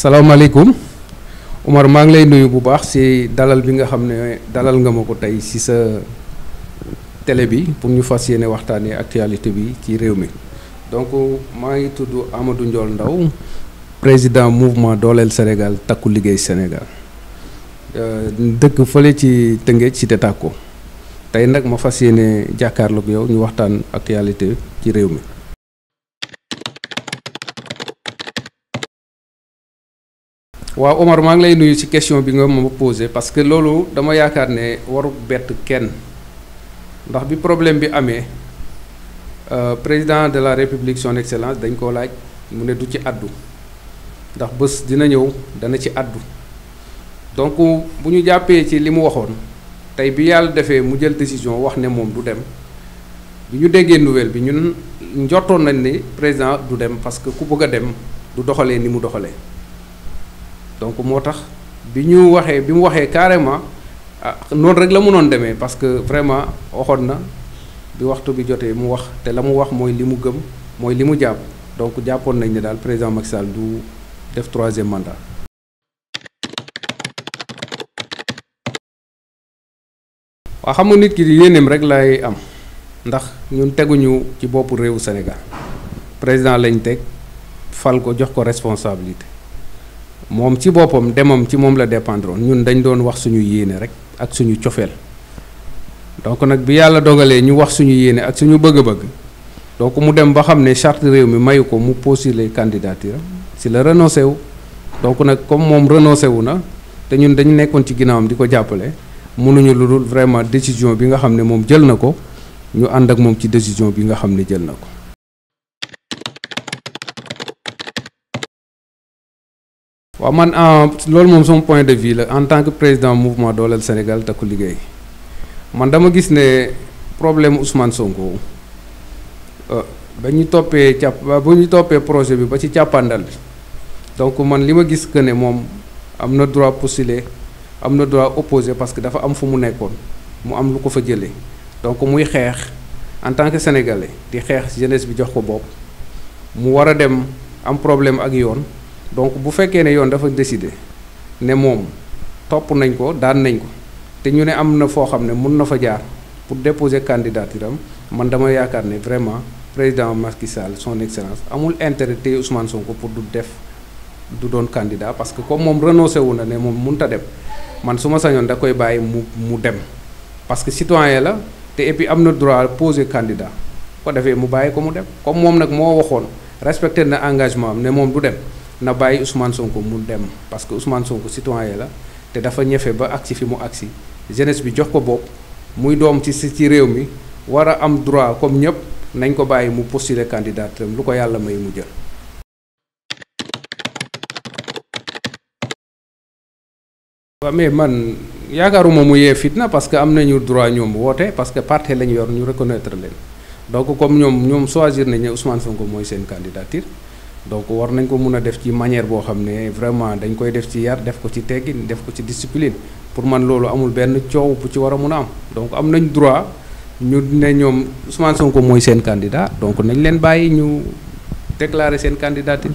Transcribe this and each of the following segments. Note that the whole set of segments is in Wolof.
Assalamualaikum. Omar Manglay ngi nuyu bu baax si dalal bi nga xamne dalal nga mako tay ci sa télé bi pour ñu fassiyene waxtane actualité bi ci réew mi donc ma ngi tuddu Amadou Ndiol Ndaw président mouvement dolel Sénégal takku liggéey Sénégal euh, dëkk fele ci teungé ci tétako tay nak ma fassiyene jakarlo ak yow ñu waxtaan actualité ci réew mi. waaw Omar maa ngi lay nuyu ci question bi nga ma posé parce que loolu dama yaakaar ne waru bett kenn ndax bi problème bi amee euh, président de la république son excellence dañ koo laaj mu ne du ci addu ndax bés dina ñëw dana ci àddu donc bu ñu jàppee ci li mu waxoon tey bi yàlla defee mu jël décision wax ne moom du dem bi ñu déggee nouvelle bi ñun njortoon nañ ni président du dem parce que ku bëgg a dem du doxalee ni mu doxalee donc moo tax bi ñu waxee bi mu waxee carrément ah noonu rek la mënoon demee parce que vraiment waxoon na bi waxtu bi jotee mu wax te la mu wax mooy li mu gëm mooy li mu jàpp donc jàppoon nañ ne daal président Macky Sall du def troisième mandat. waaw xam nga nit ki yéeneem rek lay am ndax ñun teguñu ci boppu réewu Sénégal président lañ teg fal ko jox ko responsabilité. moom ci boppam demam ci moom la dépendroon ñun dañ doon wax suñu yéene rek ak suñu cofeel donc nag bi yàlla dogalee ñu wax suñu yéene ak suñu bëgg-bëgg donc mu dem ba xam ne charte réew mi mayu ko mu postuler candidature si la renoncé wu donc nag comme moom renoncé wu na te ñun dañu nekkoon ci ginnaawam di ko jàppale munuñu lu dul vraiment décision bi nga xam ne moom jël na ko ñu ànd ak moom ci décision bi nga xam ne jël na ko waaw man ah, loolu moom sama point de vie la en tant que président mouvement dooleel Sénégal takku liggéey man dama gis ne problème Ousmane Sonko euh, ba ñu toppee càpp ba ñu toppee projet bi ba ci càppandal bi donc man li ma gis que ne moom am na droit postuler am na droit opposer parce que dafa am fu mu nekkoon mu am lu ko fa jëlee donc muy xeex en tant que sénégalais di xeex jeunesse bi jox ko bopp mu war a dem am problème ak yoon. donc bu fekkee ne yoon dafa décider ne moom topp nañ ko daan nañ ko te ñu ne am na foo xam ne mun na fa jaar pour déposer candidature am man dama yaakaar ne vraiment président Macky Sall son excellence amul intérêt te Ousmane ko pour du def du doon candidat parce que comme moom renoncé wu na ne moom mënut a dem man su ma sañoon da koy bàyyi mu mu dem parce que citoyen la te et puis am na droit poser candidat ko defee mu bàyyi ko mu dem comme moom nag moo waxoon respecté na engagement ne moom du dem. na bàyyi Ousmane Sonko mu dem parce que Ousmane Sonko citoyen la te dafa ñefe ba agsi fi mu agsi jeunesse bi jox ko bopp muy doom ci ci réew mi war a am droit comme ñëpp nañ ko bàyyi mu postuler candidat lu ko yàlla may mu jël. waaw mais man yaakaaruma mu yee fitna parce que am nañu droit ñoom woote parce que parti lañu yor ñu reconnaître leen donc comme ñoom ñoom choisir nañ ne Ousmane Sonko mooy seen candidature. donc war nañ ko mën a def ci manière boo xam ne vraiment dañ koy def ci yar def ko ci teggin def ko ci discipline pour man loolu amul benn coow bu ci war a mun a am donc am nañ droit ñu ne ñoom Ousmane Sonko mooy seen candidat donc nañ leen bàyyi ñu déclarer seen candidature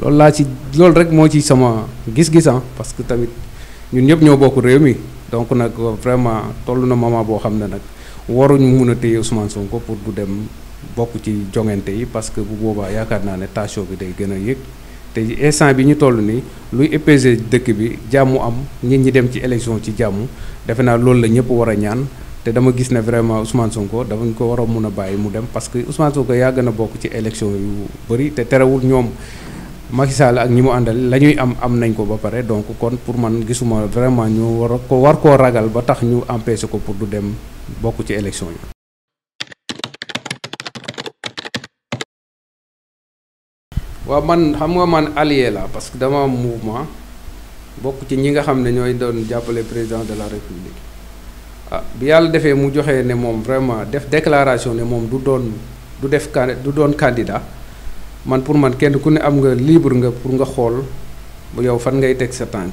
loolu laa ci loolu rek moo ci sama gis-gis ah parce que tamit ñun ñëpp ñoo bokk réew mi donc nag vraiment toll na moment boo xam ne nag waruñ mun a téye Ousmane Sonko pour du dem bokk ci jongante yi parce que bu boobaa yaakaar naa ne tension bi day gën a yëg te instant bi ñu toll nii luy épeser dëkk bi jàmm am nit ñi dem ci élection ci jàmm defe naa loolu la ñëpp war a ñaan te dama gis ne vraiment Ousmane Sonko dafa ñu ko war a mun a bàyyi mu dem parce que Ousmane Sonko yaa gën a bokk ci élection yu bëri te terewul ñoom Macky Sall ak ñi mu àndal la ñuy am am nañ ko ba pare donc kon pour man gisuma vraiment ñu war ko war koo ragal ba tax ñu empêché ko pour du dem bokk ci élection yi. waaw man xam nga man allié la parce que dama am mouvement bokk ci ñi nga xam ne ñooy doon jàppale président de la république ah bi yàlla defee mu joxee ne moom vraiment def déclaration ne moom du doon du def can du doon candidat man pour man kenn ku ne am nga libre nga pour nga xool bu yow fan ngay teg sa tànk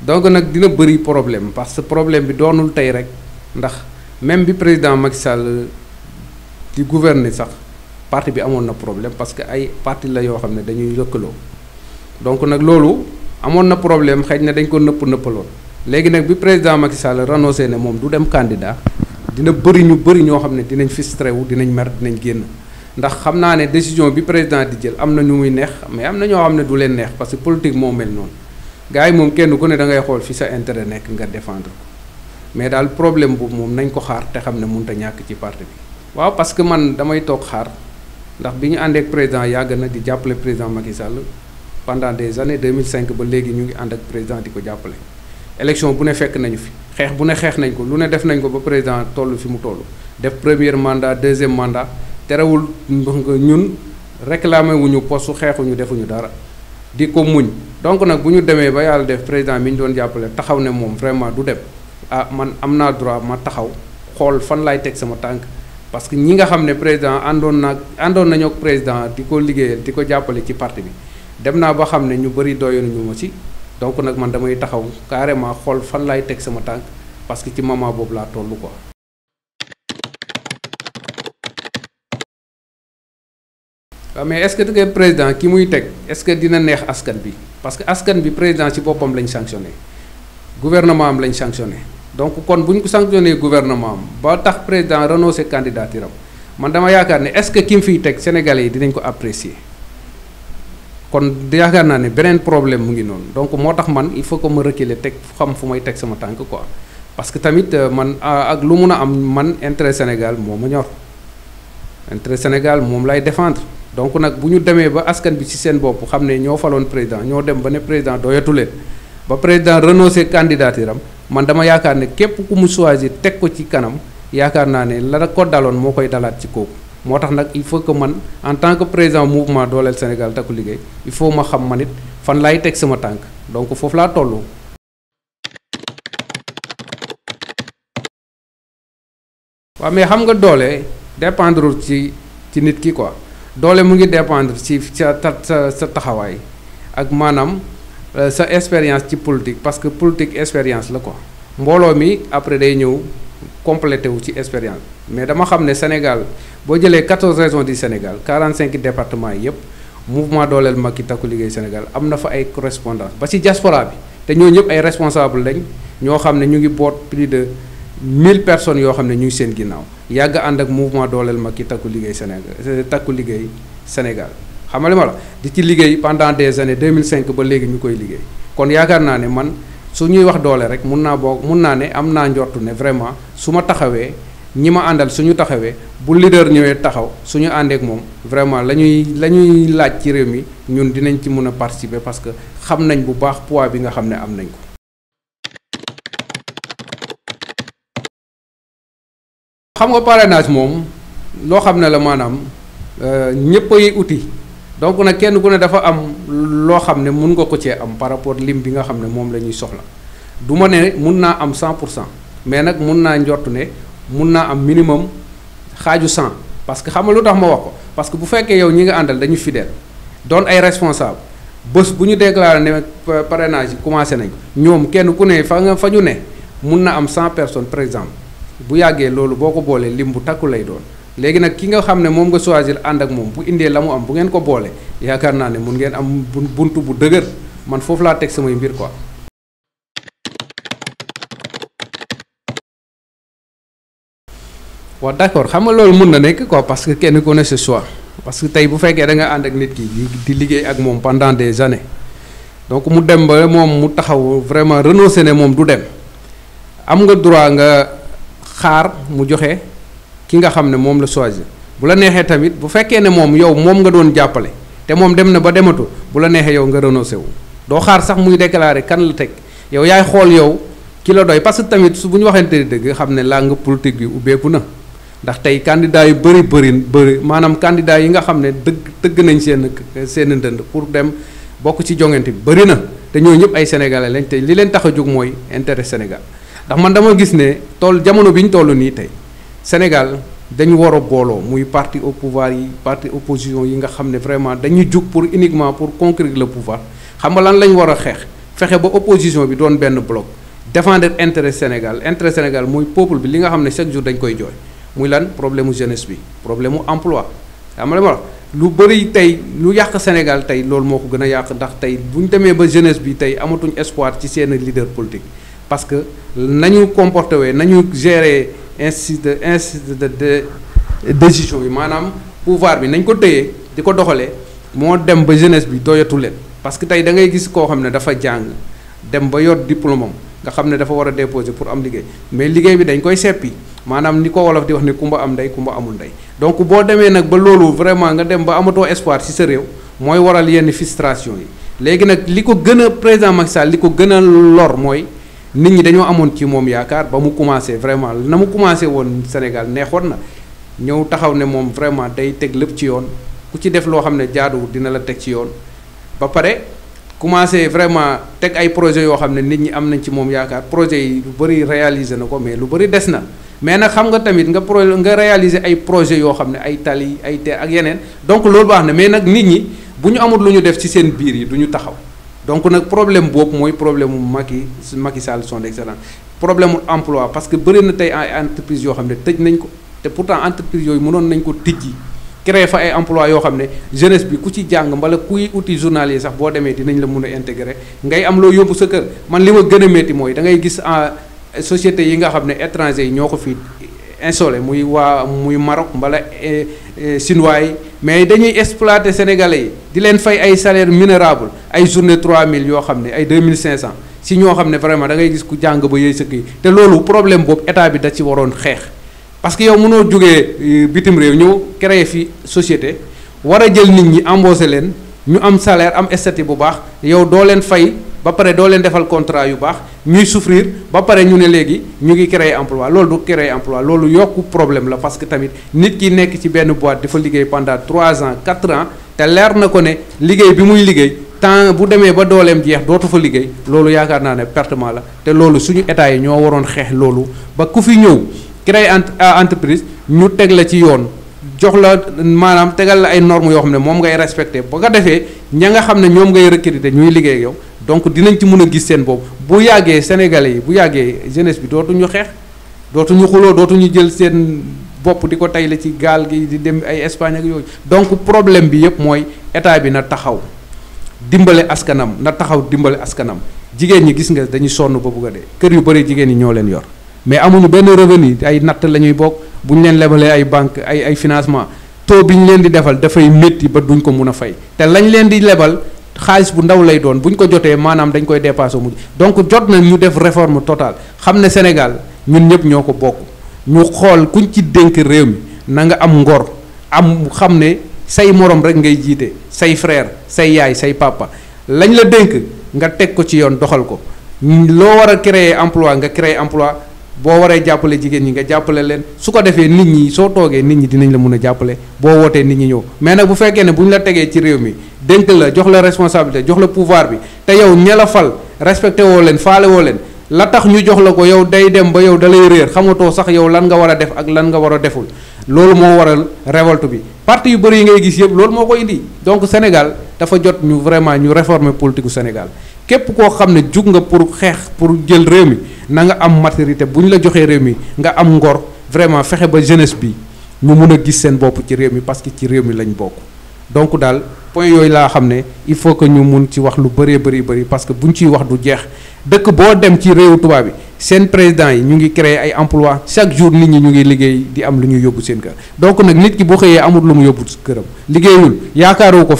donc nag dina bëri problème parce que problème bi doonul tey rek ndax même bi président mag Sall di gouverner sax. parti bi amoon na problème parce que ay parti la yoo xam ne dañuy lëkkaloo donc nag loolu amoon na problème xëy na dañ ko nëpp nëppaloon léegi nag bi président Macky Sall renoncé ne moom du dem candidat dina bëri ñu bëri ñoo xam ne dinañ frustré wu dinañ mer dinañ génn ndax xam naa ne décision bi président di jël am na ñu muy neex mais am na ñoo xam ne du leen neex parce que politique moo mel noonu gars yi moom kenn ku ne da xool fi sa intérêt nekk nga défendre ko mais daal problème boobu moom nañ ko xaar te xam ne mënut a ñàkk ci parti bi parce que man damay toog xaar. ndax bi ñu àndeek président yàgg na di jàppale président Macky Sall pendant des années 2005 ba léegi ñu ngi ànd ak président di ko jàppale. élection bu ne fekk nañu fi xeex bu ne xeex nañ ko lu ne def nañ ko ba président toll fi mu toll def première mandat deuxième mandat terewul ñun réclamé wuñu xeexu ñu defuñu dara di ko muñ donc nag bu ñu demee ba yàlla def président mi ñu doon jàppale taxaw ne moom vraiment du dem ah man am naa droit ma taxaw xool fan laay teg sama tànk. parce que ñi nga xam ne président àndoon nag àndoon nañoo ak président di ko liggéeyal di ko jàppale ci parti bi dem naa ba xam ne ñu bëri doyoon ma si donc nag man damay taxaw carrément xool fan laay teg sama tànk parce que ci moment boobu laa tollu ko waaw mais est-ce que da ngay président ki muy teg est-ce que dina neex askan bi parce que askan bi président ci boppam lañ sanctionné gouvernement am lañ sanctionné. donc kon buñ ko sanctionné gouvernement ba tax président renoncer candidature man dama yaakaar ni est ce que kim fi tek sénégalais yi dinañ ko apprécier kon yaakaar na ni benen problème mu ngi non donc motax man il faut que me reculer tek xam fu may tek sama tank quoi parce que tamit euh, man ak lu mëna am man intérêt sénégal moma ñor intérêt sénégal mom lay défendre donc nak bu démé ba askan bi ci sen bop xamné ño preda, président ño dem ba né président doyatulé ba président renoncer candidature man dama yaakaar ne képp ku mu choisir teg ko ci kanam yaakaar naa ne la ko daloon moo koy dalaat ci kooku moo tax nag il faut que man en tant que président mouvement dooleel Sénégal Takku Liggéey il faut ma xam man it fan laay teg sama tànk donc foofu laa tollu waaw mais xam nga doole dépendre ci ci nit ki quoi doole mu ngi dépendre si sa sa sa taxawaay ak maanaam Euh, sa expérience ci politique parce que politique expérience la ko mbooloo mi après day ñëw complété wu ci expérience mais dama xam ne Sénégal boo jëlee 14 régions du Sénégal 45 départements yi yëpp mouvement dooleel yi Takku Liggéey Sénégal am na fa ay correspondance ba ci diaspora bi te ñoo ñëpp ay responsable lañ ñoo xam ne ñu ngi boot plus de mille personnes yoo xam ne ñu ngi seen ginnaaw yàgg ànd ak mouvement dooleel Macky Takku Liggéey Sénégal euh, Takku Liggéey Sénégal xam nga li ma la di ci liggéey pendant des années 2005 ba léegi ñu koy liggéey kon yaakaar naa ne man su ñuy wax doole rek mun naa boo mun naa ne am naa njortu ne vraiment su ma taxawee ñi ma àndal suñu taxawee bu leader ñëwee taxaw suñu àndeek moom vraiment la ñuy la ñuy laaj ci réew mi ñun dinañ ci mun a participer parce que xam nañ bu baax pois bi nga xam ne am nañ ko. xam nga parrainage moom loo xam ne la maanaam euh, ñëpp ay outil donc nag kenn ku ne dafa am loo xam ne mun nga ko cee am par rapport lim bi nga xam ne moom la ñuy soxla du ma ne mun naa am cent pour cent mais nag mun naa jot ne mun naa am minimum xaaju 100 parce que xam nga lu tax ma wax ko parce que bu fekkee yow ñi nga àndal dañu fidèle doon ay responsable bés bu ñu déclaré ne parrainage commencé nañ ñoom kenn ku ne fa nga fa ne mun na am 100 personnes par exemple bu yàggee loolu boo ko boolee lim bu takku lay doon. légui nak ki nga xamné mom nga choisir and ak mom bu indé la am bu ngeen ko bolé yaakar na ne mën ngeen am buntu bu dëgër man fofu la tek samay mbir quoi wa d'accord xam nga loolu mën na nek quoi parce que kenn ko ne ce choix parce que tay bu fekkee da nga and ak nit ki di liggéey ak mom pendant des années donc mu dem ba mom mu taxaw vraiment renoncer ne mom du dem am nga droit nga xaar mu joxé ki nga xam ne moom la choisir bu la neexee tamit bu fekkee ne moom yow moom nga doon jàppale te moom dem na ba dematu bu la neexee yow nga renoncé wu doo xaar sax muy déclaré kan la teg yow yaay xool yow ki la doy parce que tamit su bu ñu waxante dëgg nga xam ne laa nga politique bi ubbeeku na ndax tey candidat yu bëri bëri bëri maanaam candidat yi nga xam ne dëgg dëgg nañ seen seen ndënd pour dem bokk ci jongante bi bëri na te ñoo ñëpp ay sénégalais lañ te li leen tax a jóg mooy intérêt Sénégal ndax man dama gis ne tool jamono bi ñu toll nii tey Sénégal dañu war a muy parti au pouvoir yi parti opposition yi nga xamné vraiment dañu jug pour uniquement pour conquérir le pouvoir xam nga lan lañ wara xex fexé ba opposition bi doon ben bloc défendre intérêt Sénégal intérêt Sénégal muy peuple bi li nga xamné chaque jour dañ koy jooy muy lan problème jeunesse bi problème emploi xam nga lu bëri tay lu yak Sénégal tay lool moko gëna yak ndax tay bu ñu ba jeunesse bi tay amatuñ espoir ci seen leader politique parce que nañu comporté nañu gérer. instance de instance de de décision yi maanaam pouvoir bi nañ ko téye di ko doxalee moo dem ba jeunesse bi doyatu leen parce que tey da ngay gis koo xam ne dafa jàng dem ba yor diplôme am nga xam ne dafa war a déposé pour am liggéey mais liggéey bi dañ koy seppi maanaam ni ko wolof di wax ne kumba am ndey kumba amul ndey donc boo demee nag ba loolu vraiment nga dem ba amatoo espoir ci sa réew mooy waral yenn frustration yi léegi nag li ko gën a président Macky Sall li ko gën a lor nit ñi dañoo amoon ci moom yaakaar ba mu commencé vraiment na mu commencé woon Sénégal neexoon na ñëw taxaw ne moom vraiment day teg lépp ci yoon ku ci def loo xam ne jaaduwul dina la teg ci yoon ba pare commencé vraiment teg ay projets yoo xam ne nit ñi am nañ ci moom yaakaar projet yi lu bëri réaliser na ko mais lu bëri des na mais nag xam nga tamit nga pro nga réaliser ay projet yoo xam ne ay tali ay teer ak yeneen donc loolu baax na mais nag nit ñi bu ñu amul lu ñu def ci seen biir yi du ñu taxaw donc nag problème boobu mooy problème mu Macky Macky Sall son excellence problème mu emploi parce que bëri tey entreprise yoo xam ne tëj nañ ko te pourtant entreprise yooyu mënoon nañ ko tijji créer fa ay emploi yoo xam ne jeunesse bi ku ci jàng mbala kuy uti journal yi sax boo demee dinañ la mun a intégrer ngay am loo yóbbu sa kër man li ma gën a métti mooy dangay gis en ah, société yi nga xam ne étranger yi ñoo ko fi installé muy waa muy Maroc mbala eh, Eh, chinois mais dañuy exploiter sénégalais yi di leen fay ay salaire minérable ay journée 3000 yoo xam ne ay 2500 si ñoo xam vraiment da ngay gis ku jàng ba sëkk yi te problème boobu état bi da ci waroon parce que yow eh, bitim créer fi société war jël nit ñi leen ñu am salaire am statut bu baax yow ñuy souffrir ba pare ñu ne léegi ñu ngi créer emploi loolu du créer emploi loolu yokku problème la parce que tamit nit ki nekk ci benn boîte dafa liggéey pendant 3 ans 4 ans te leer na ko ne liggéey bi muy liggéey temps bu demee ba dooleem jeex dootu fa liggéey loolu yaakaar naa ne pertement la te loolu suñu état yi ñoo waroon xeex loolu ba ku fi ñëw créer entreprise ñu teg la ci yoon jox la maanaam tegal la ay normes yoo xam ne moom ngay respecté ba nga defee ña nga xam ne ñoom ngay recruter ñuy liggéey ak yow donc dinañ ci mën a gis seen bopp bu yàggee sénégalais yi bu yàggee jeunesse bi dootuñu xeex dootu ñu xuloo dootuñu jël seen bopp di ko tay la ci gaal gi di dem ay Espagne ak yooyu donc problème bi yëpp mooy état bi na taxaw dimbale askanam na taxaw dimbale askanam jigéen ñi gis nga dañuy sonn ba bugg dee kër yu bari jigéen ñi ñoo leen yor mais amuñu benn revenu ay natt la ñuy bokk bu ñu leen lebalee ay banque ay ay financement taux bi ñu leen di defal dafay métti ba duñ ko mun a fay te lañ leen di lebal xaalis bu ndaw lay doon bu ñu ko jotee maanaam dañ koy dépassé mujj donc jot na ñu def réforme totale xam ne Sénégal ñun ñëpp ñoo ko bokk ñu xool kuñ ci dénk réew mi na nga am ngor am xam ne say morom rek ngay jiite say frère say yaay say papa lañ la dénk nga teg ko ci yoon doxal ko loo war a créer emploi nga créer emploi boo waree jàppale jigéen ñi nga jàppale leen su ko defee nit ñi soo toogee nit ñi dinañ la mun a jàppale boo wootee nit ñi ñëw mais nag bu fekkee ne bu ñu la tegee ci réew mi dénk la jox la responsabilité jox la pouvoir bi te yow ña la respecté woo leen faale woo leen la tax ñu jox la ko yow day dem ba yow da lay réer xamatoo sax yow lan nga war a def ak lan nga war a deful loolu moo waral révolte bi parti yu bëri yi ngay gis yëpp loolu moo ko indi donc Sénégal dafa jot ñu vraiment ñu réformer politique gu Sénégal képp koo xam ne jug nga pour xeex pour jël réew mi na nga am matérité bu ñu la joxee réew mi nga am ngor vraiment fexe ba jeunesse bi ñu mun a gis seen bopp ci réew mi parce que ci réew mi lañ bokk donc daal point yooyu laa xam ne il faut que ñu mun ci wax lu bëree bëri bëri parce que bu ñu ciy wax du jeex dëkk boo dem ci réewu tubaab bi seen président yi ñu ngi créer ay emploi chaque jour nit ñi ñu ngi liggéey di am lu ñuy yóbbu seen kër donc nag nit ki boo xëyee amul lu mu yóbbu këram liggéeyul yaakaaroo ko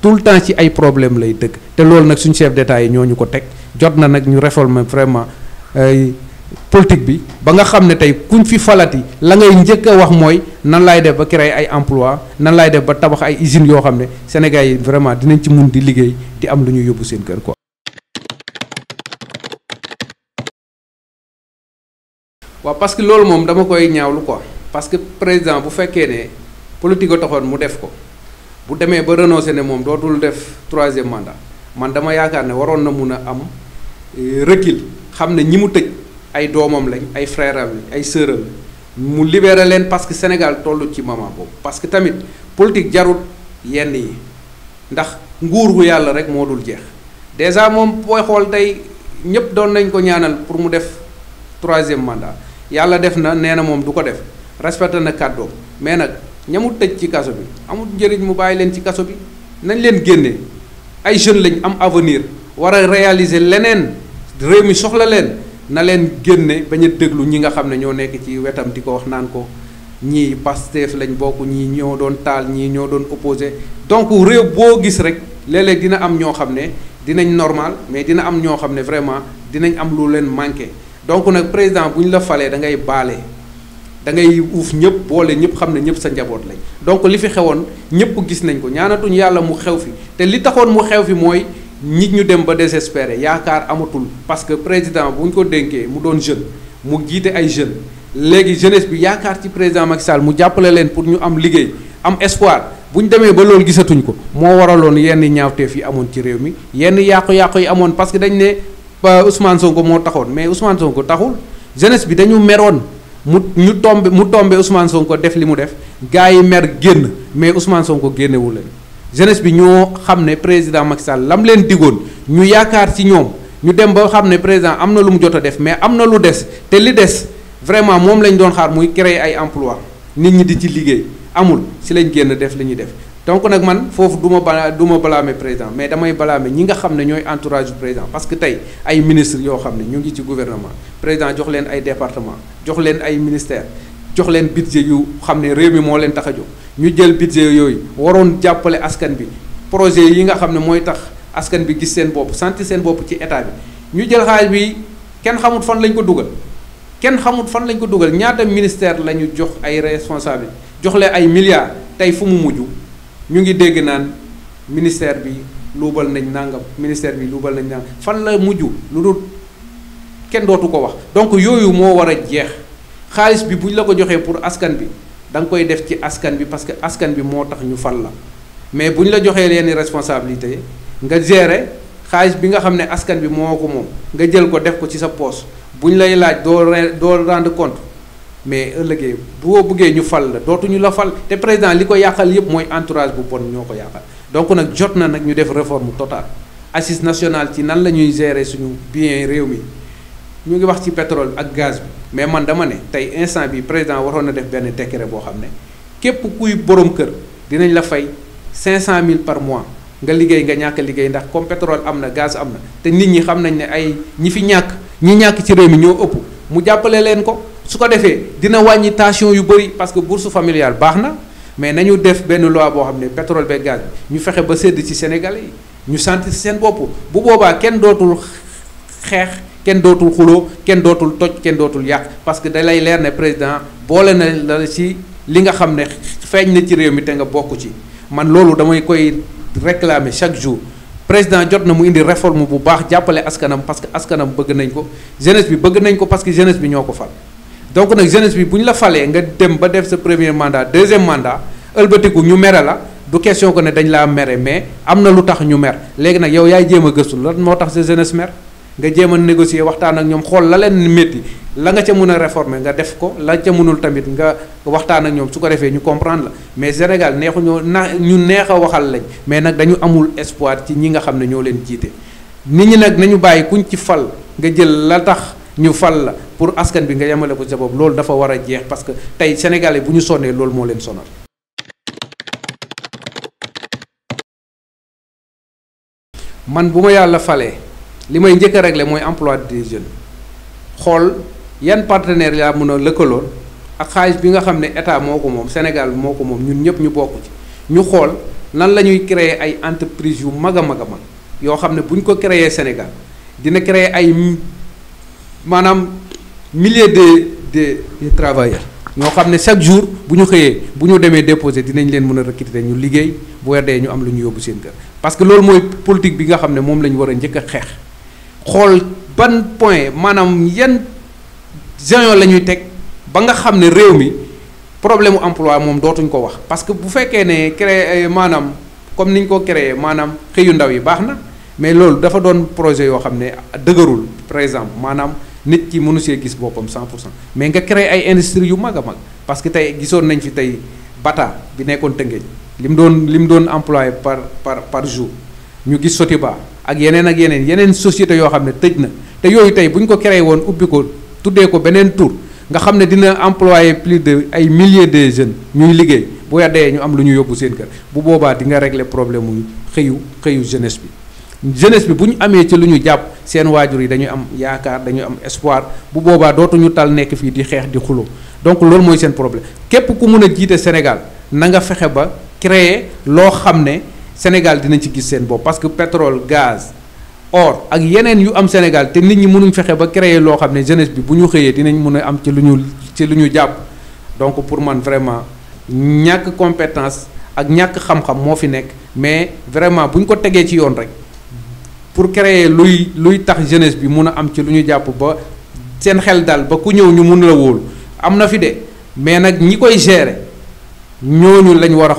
tout le temps ci ay problème lay dëkk te loolu nag suñu chef d'état yi ñoo ñu ko teg jot na ñu réformer vraiment politique bi ba nga xam ne tey kuñ fi falati la ngay njëkk a wax mooy nan laay def ba créer ay emploi nan lay def ba tabax ay usines yoo xam ne Sénégal yi vraiment dinañ ci mun di liggéey di am lu ñuy yóbbu seen kër ko waaw parce que loolu moom dama koy ñaawlu quoi parce que président bu fekkee ne politique a taxoon mu def ko bu demee ba renoncé ne moom dootul def troisième mandat man dama yaakaar ne waroon na mun a am euh, recul. xam ne ñi mu tëj ay doomam lañ ay frère lañ ay sœur am mu libéré leen parce que Sénégal toll ci moment boobu parce que tamit politique jarul yenn yi ndax nguur gu yàlla rek moo dul jeex déjà moom booy xool tey ñépp doon nañ ko ñaanal pour mu def troisième mandat yàlla def na nee na moom du ko def respecté na kàddoom mais nag ñamu tëj ci kaso bi amul njëriñ mu bàyyi leen ci kaso bi nañ leen génne ay jeunes lañ am avenir war a réaliser leneen réew mi soxla leen na leen génne bañ a déglu ñi nga xam ne ñoo nekk ci wetam di ko wax naan ko ñii Pastef lañ bokk ñii ñoo doon taal ñii ñoo doon opposé donc réew boo gis rek léeg-léeg dina am ñoo xam ne dinañ normal mais dina am ñoo xam ne vraiment dinañ am lu leen manqué donc nag président bu ñu la falee dangay ngay baale da ngay uuf ñëpp boole ñëpp xam ne ñëpp sa njaboot lañ donc li fi xewoon ñëpp gis nañ ko ñaanatuñ yàlla mu xew fi te li taxoon mu xew fi mooy nit ñu dem ba désespéré yaakaar amatul parce que président bu ñu ko dénkee mu doon jeune mu jiite ay jeunes léegi jeunesse bi yaakaar ci président Macky Sall mu jàppale leen pour ñu am liggéey am espoir bu ñu demee ba loolu gisatuñ ko moo waraloon yenn ñaawteef yi amoon ci réew mi yenn yàqu-yàqu yi amoon parce que dañ ne Ousmane Sonko moo taxoon mais Ousmane ko taxul jeunesse bi dañu meroon mu ñu tombe mu tombe son ko def li mu def gars yi mer génn mais Ousmane Sonko génnewul leen jeunesse bi ñoo xam ne président Macky Sall lam leen digoon ñu yaakaar ci ñoom ñu dem ba xam ne président am na lu mu jot a def mais am na lu des te li des vraiment moom lañ doon xaar muy créer ay emploi nit ñi di ci liggéey amul ci lañ génn def li ñuy def donc nag man foofu du ma bala du ma blâmer président mais damay blâmer ñi nga xam ne ñooy entourage président parce que tey ay ministres yoo xam ne ñu ngi ci gouvernement président jox leen ay département jox leen ay ministères jox leen budget yu xam ne réew mi moo leen tax a jóg ñu jël budget yooyu waroon jàppale askan bi projet yi nga xam ne mooy tax askan bi gis seen bopp sentir seen bopp ci état bi ñu jël xaalis bi kenn xamut fan lañ ko dugal kenn xamut fan lañ ko dugal ñaata ministère la ñu jox ay responsable jox leen ay milliards tey fu mu mujj ñu ngi dégg naan ministère bi luubal nañ nangam ministère bi luubal nañ nangam fan la mujj lu dul kenn dootu ko wax donc yooyu moo war a jeex xaalis bi buñ la ko joxee pour askan bi. da nga koy def ci askan bi parce que askan bi moo tax ñu fal la mais bu ñu la joxee yenn responsabilité nga gérer xaalis bi nga xam ne askan bi moo ko moom nga jël ko def ko ci sa poos bu ñu lay laaj doo doo rendre compte mais ëllëgee boo bëggee ñu fal la dootuñu la fal te président li ko yàqal yépp mooy entourage bu bon ñoo ko yàqal donc nag jot na nag ñu def réforme total assise nationale ci nan la ñuy gérer suñu bien réew mi ñu ngi wax ci pétrole ak gaz bi mais man dama ne tey instant bi président waroon na def benn décret boo xam ne képp kuy boroom kër dinañ la fay mille par mois nga liggéey nga ñàkk liggéey ndax comme pétrole am na gaz am na te nit ñi xam nañ ne ay ñi fi ñàkk ñi ñàkk ci réew mi ñoo ëpp mu jàppale leen ko su ko defee dina wàññi tension yu bëri parce que bourse familiale baax na mais nañu def benn loi boo xam ne pétrole bee gaz ñu fexe ba sédd ci Sénégalais ñu sant seen bopp bu boobaa kenn dootul xeex. kenn dootul xuloo kenn dootul toj kenn dootul yàq parce que da lay leer ne président boole na la si li nga xam ne feeñ na ci réew mi te nga bokk ci man loolu damay koy réclamer chaque jour président jot na mu indi réforme bu baax jàppale askanam parce que askanam bëgg nañ ko jeunesse bi bëgg nañ ko parce que jeunesse bi ñoo ko fal donc nag jeunesse bi bu ñu la falee nga dem ba def sa premier mandat deuxième mandat ëlbatiku ñu mere la du question ko ne dañ laa mere mais am na lu tax ñu mer léegi nag yow yaay jéem a gëstu lan moo tax sa jeunesse mer nga jéem a négocier waxtaan ak ñoom xool la leen métti la nga ca mun a réformer nga def ko la ca mënul tamit nga waxtaan ak ñoom su ko defee ñu comprendre la mais Sénégal neexu ñoo na ñu neex a waxal lañ mais nag dañu amul espoir ci ñi nga xam ne ñoo leen jiite nit ñi nag nañu bàyyi kuñ ci fal nga jël la tax ñu fal la pour askan bi nga yemale ko sa bopp loolu dafa war a jeex parce que tey sénégalais bu ñu sonnee loolu moo leen sonal. man yàlla falee. li may njëkk a régler mooy emploi des jeunes xool yan partenaire laa mën a lëkkaloon ak xaalis bi nga xam ne état moo ko moom Sénégal moo ko moom ñun ñëpp ñu bokk ci ñu xool nan la ñuy créer ay entreprise yu mag a mag a mag yoo xam ne bu ko créer Sénégal dina créer ay maanaam milliers de de de travailleurs ñoo xam ne chaque jour bu ñu xëyee bu ñu demee déposer dinañ leen mën a recruter ñu liggéey bu weer ñu am lu ñu yóbbu seen kër parce que loolu mooy politique bi nga xam ne moom la ñu war a njëkk a xeex xool ban point maanaam yan géant la ñuy teg ba nga xam ne réew mi problème mu emploi moom dootuñ ko wax parce que bu fekkee ne créé euh, maanaam comme ni ñu ko créé maanaam xëyu ndaw yi baax na mais loolu dafa doon projet yoo xam ne dëgërul par exemple maanaam nit ki mënu see gis boppam 100 pour cent mais nga créé ay industrie yu mag a mag parce que tey gisoon nañ fi tey bata bi nekkoon Tëngéej li mu doon li mu doon employé par par par jour ñu gis Sotiba ak yeneen ak yeneen yeneen société yoo xam ne tëj na te yooyu tey bu ñu ko créé woon ubbi ko tuddee ko beneen tur nga xam ne dina employé plus de ay milliers de jeunes ñuy liggéey bu yàddee ñu am lu ñu yóbbu seen kër bu boobaa di nga régler problème mu xëyu xëyu jeunesse bi. jeunes bi bu ñu amee ci lu ñu jàpp seen waajur yi dañuy am yaakaar dañuy am espoir bu boobaa dootuñu tal nekk fii di xeex di xuloo donc loolu mooy seen problème képp ku mun a jiite Sénégal na nga fexe ba créer loo xam ne. Sénégal dinañ ci gis sen parce que pétrole gaz or ak yenen yu am Sénégal té nit ñi mënuñ fexé ba créer lo jeunesse bi buñu xëyé dinañ am ci luñu ci donc pour man vraiment compétence ak xam-xam fi mais vraiment si ko ci yoon pour créer luy luy tax jeunesse bi mëna am ci luñu japp ba sen xel dal ba ku ñëw ñu fi mais nak ñi koy gérer ñoñu lañ wara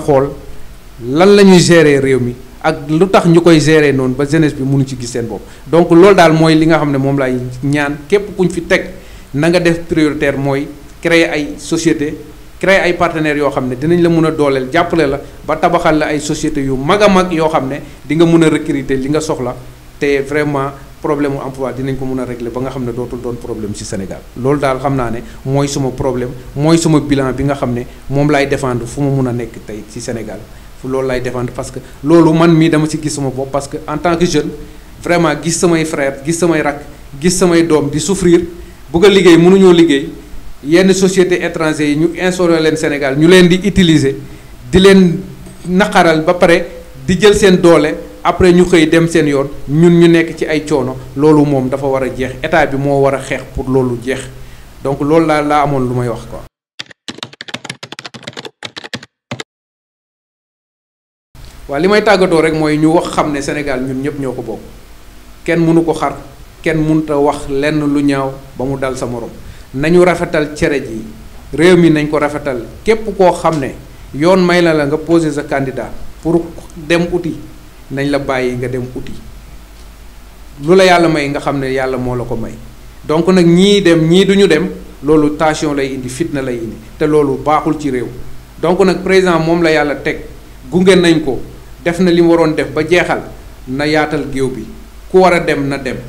lan la ñuy gérer réew mi ak lu tax ñu koy gérer noonu ba jeunesse bi mënu ci gis seen bopp donc loolu daal mooy li nga xam ne moom laay ñaan képp kuñ fi teg na nga def prioritaire mooy créer ay société créer ay partenaires yoo xam ne dinañ la mën a dooleel jàppale la ba tabaxal la ay société yu mag a mag yoo xam ne di nga mën a recruter li nga soxla te vraiment problème mu emploi dinañ ko mën a régler ba nga xam ne dootul doon problème ci Sénégal loolu daal xam naa ne mooy suma problème mooy suma bilan bi nga xam ne moom laay défendre fu ma mun a nekk tey ci Sénégal lay défendre parce que loolu man mii dama ci gis sama parce que en tant que jeune vraiment gis samay frère gis samay rak gis samay doom di souffrir des a liggéey mënuñoo liggéey yenn société étranger ñu Sénégal ñu leen di utiliser di ba di après ñu xëy dem seen yoon ñun ñu nekk ci ay coono loolu moom dafa war a jeex état bi pour donc loolu l'a laa amoon waa li may tàggatoo rek mooy ñu wax xam ne Sénégal ñun ñëpp ñoo ko bokk kenn mënu ko xar kenn mënut a wax lenn lu ñaaw ba mu dal sa morom nañu rafetal cere ji réew mi nañ ko rafetal képp koo xam ne yoon may na la nga posé sa candidat pour dem uti nañ la bàyyi nga dem uti lu la yàlla may nga xam ne yàlla moo la ko may donc nag ñii dem ñii duñu dem loolu tension lay indi fitna lay indi te loolu baaxul ci réew donc nag président moom la yàlla teg gunge nañ ko def na lim waron def ba jeexal na yaatal geew bi ku wara dem na dem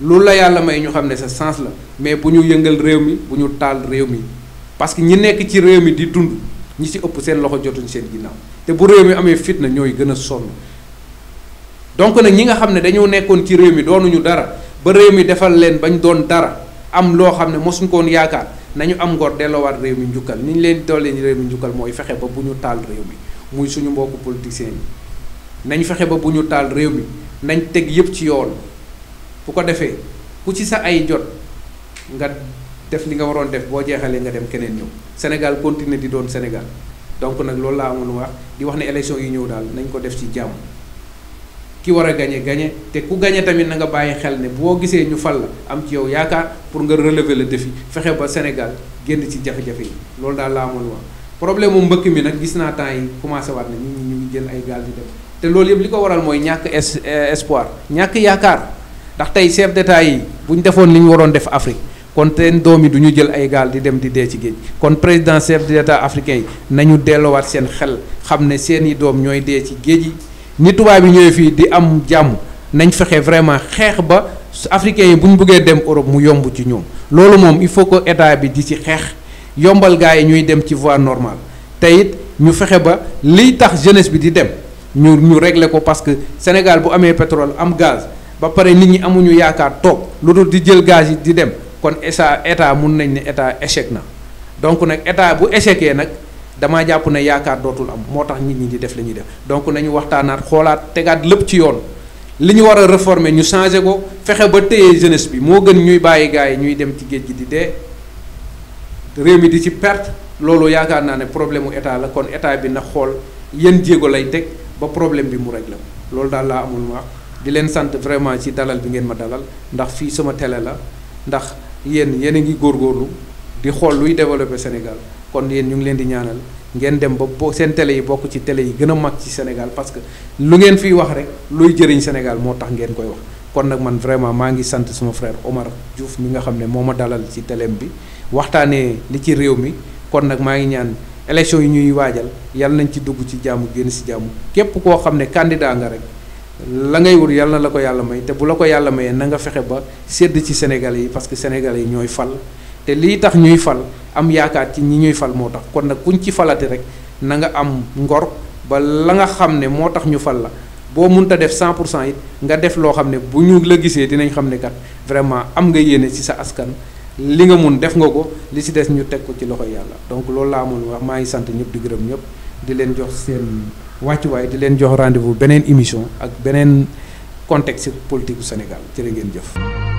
loolu la yàlla may ñu xam ne sa sens la mais bu ñu yëngal réew mi bu ñu taal réew mi parce que ñi nekk ci réew mi di dund ñi ci ëpp seen loxo jotuñ seen ginnaaw te bu réew mi amee fitna ñooy gën a sonn donc nag ñi nga xam ne dañoo nekkoon ci réew mi doonuñu dara ba réew mi defal leen bañ doon dara am loo xam ne mosuñ koon yaakaar nañu am ngor delloowaat réew mi njukkal ni ñu leen ni réew mi njukkal mooy fexe ba bu ñu taal réew mi muy suñu mbokku politiciens yi nañ fexe ba bu ñu taal réew mi nañ teg yëpp ci yoon bu ko defee ku ci sa ay jot nga def li nga waroon def boo jeexalee nga dem keneen ñëw Sénégal continuer di doon Sénégal donc nag loolu laa amoon wax di wax ne élection yi ñëw daal nañ ko def ci jàmm ki war a gañe gañe te ku gañe tamit na nga bàyyi xel ne boo gisee ñu fal la am ci yow yaakaar pour nga relever le défi fexe ba Sénégal génn ci jafe-jafe yi loolu daal laa amoon wax problème mu mbëkk mi nag gis naa temps yi commencé waat na ñu ñu jël ay gaal di dem te loolu yëpp li ko waral mooy ñàkk eh, espoir ñàkk yaakaar ndax tey chef d'état yi bu ñu defoon li ñu waroon def Afrique kon doom yi du ñu jël ay gaal di dem di dee ci géej kon président chef d'état africain yi nañu delloowaat seen xel xam ne seeni doom ñooy dee ci géej yi ni tubaab yi ñëwee fii di am jàmm nañ fexe vraiment xeex ba africains yi bu ñu bëggee dem Europe mu yomb ci ñoom loolu moom il faut que état bi di ci xeex. yombal gars yi ñuy dem ci voie normal te ñu fexe ba liy tax jeunesse bi di dem ñu ñu régler ko parce que Sénégal bu amee pétrole am gaz ba pare nit ñi amuñu yaakaar toog lu dul di jël gaz yi di dem kon état état mun nañ ne état échec na donc nag état bu échecee nag damaa jàpp ne yaakaar dootul am moo tax nit ñi di def la ñuy def donc nañu waxtaanaat xoolaat tegaat lépp ci yoon li ñu war a réformer ñu changé ko fexe ba téye jeunesse bi moo gën ñuy bàyyi gars yi ñuy dem ci géej gi di dee. réew mi di ci perte loolu yaakaar naa ne problème mu état la kon état bi ndax xool yéen jéego lay teg ba problème bi mu rek la loolu daal laa amul wax di leen sant vraiment ci dalal bi ngeen ma dalal ndax fii sama télé la ndax yéen yéen a ngi góorgóorlu di xool luy développé Sénégal kon yéen ñu ngi leen di ñaanal ngeen dem ba boo seen télé yi bokk ci tele yi gën a mag ci Sénégal parce que lu ngeen fi wax rek luy jëriñ Sénégal moo tax ngeen koy wax. kon nag man vraiment maa ngi sant suma frère Omar Diouf mi nga xam ne moo ma dalal ci teleem bi waxtaanee li ci réew mi kon nag maa ngi ñaan élection yi ñuy waajal yàlla nañ ci dugg ci jàmm génn si jàmm képp koo xam ne candidat nga rek la ngay yàlla na la ko yàlla may te bu la ko yàlla mayee na nga fexe ba sédd ci Sénégalais yi parce que Sénégalais yi ñooy fal te lii tax ñuy fal am yaakaar ci ñi ñuy fal moo tax kon nag ku kuñ ci falati rek na nga am ngor ba la nga xam ne moo tax ñu fal la boo munta def cent pour cent it nga def loo xam ne bu ñu la gisee dinañ xam ne kat vraiment am nga yéene ci sa askan li nga mun def nga ko li si des ñu teg ko ci loxo yàlla donc loolu laa amoon wax maa ngi sant ñëpp di gërëm ñëpp di leen jox seen wàccuwaay di leen jox rendez-vous beneen émission ak beneen contexte politique bu Sénégal jërë ngeen jëf.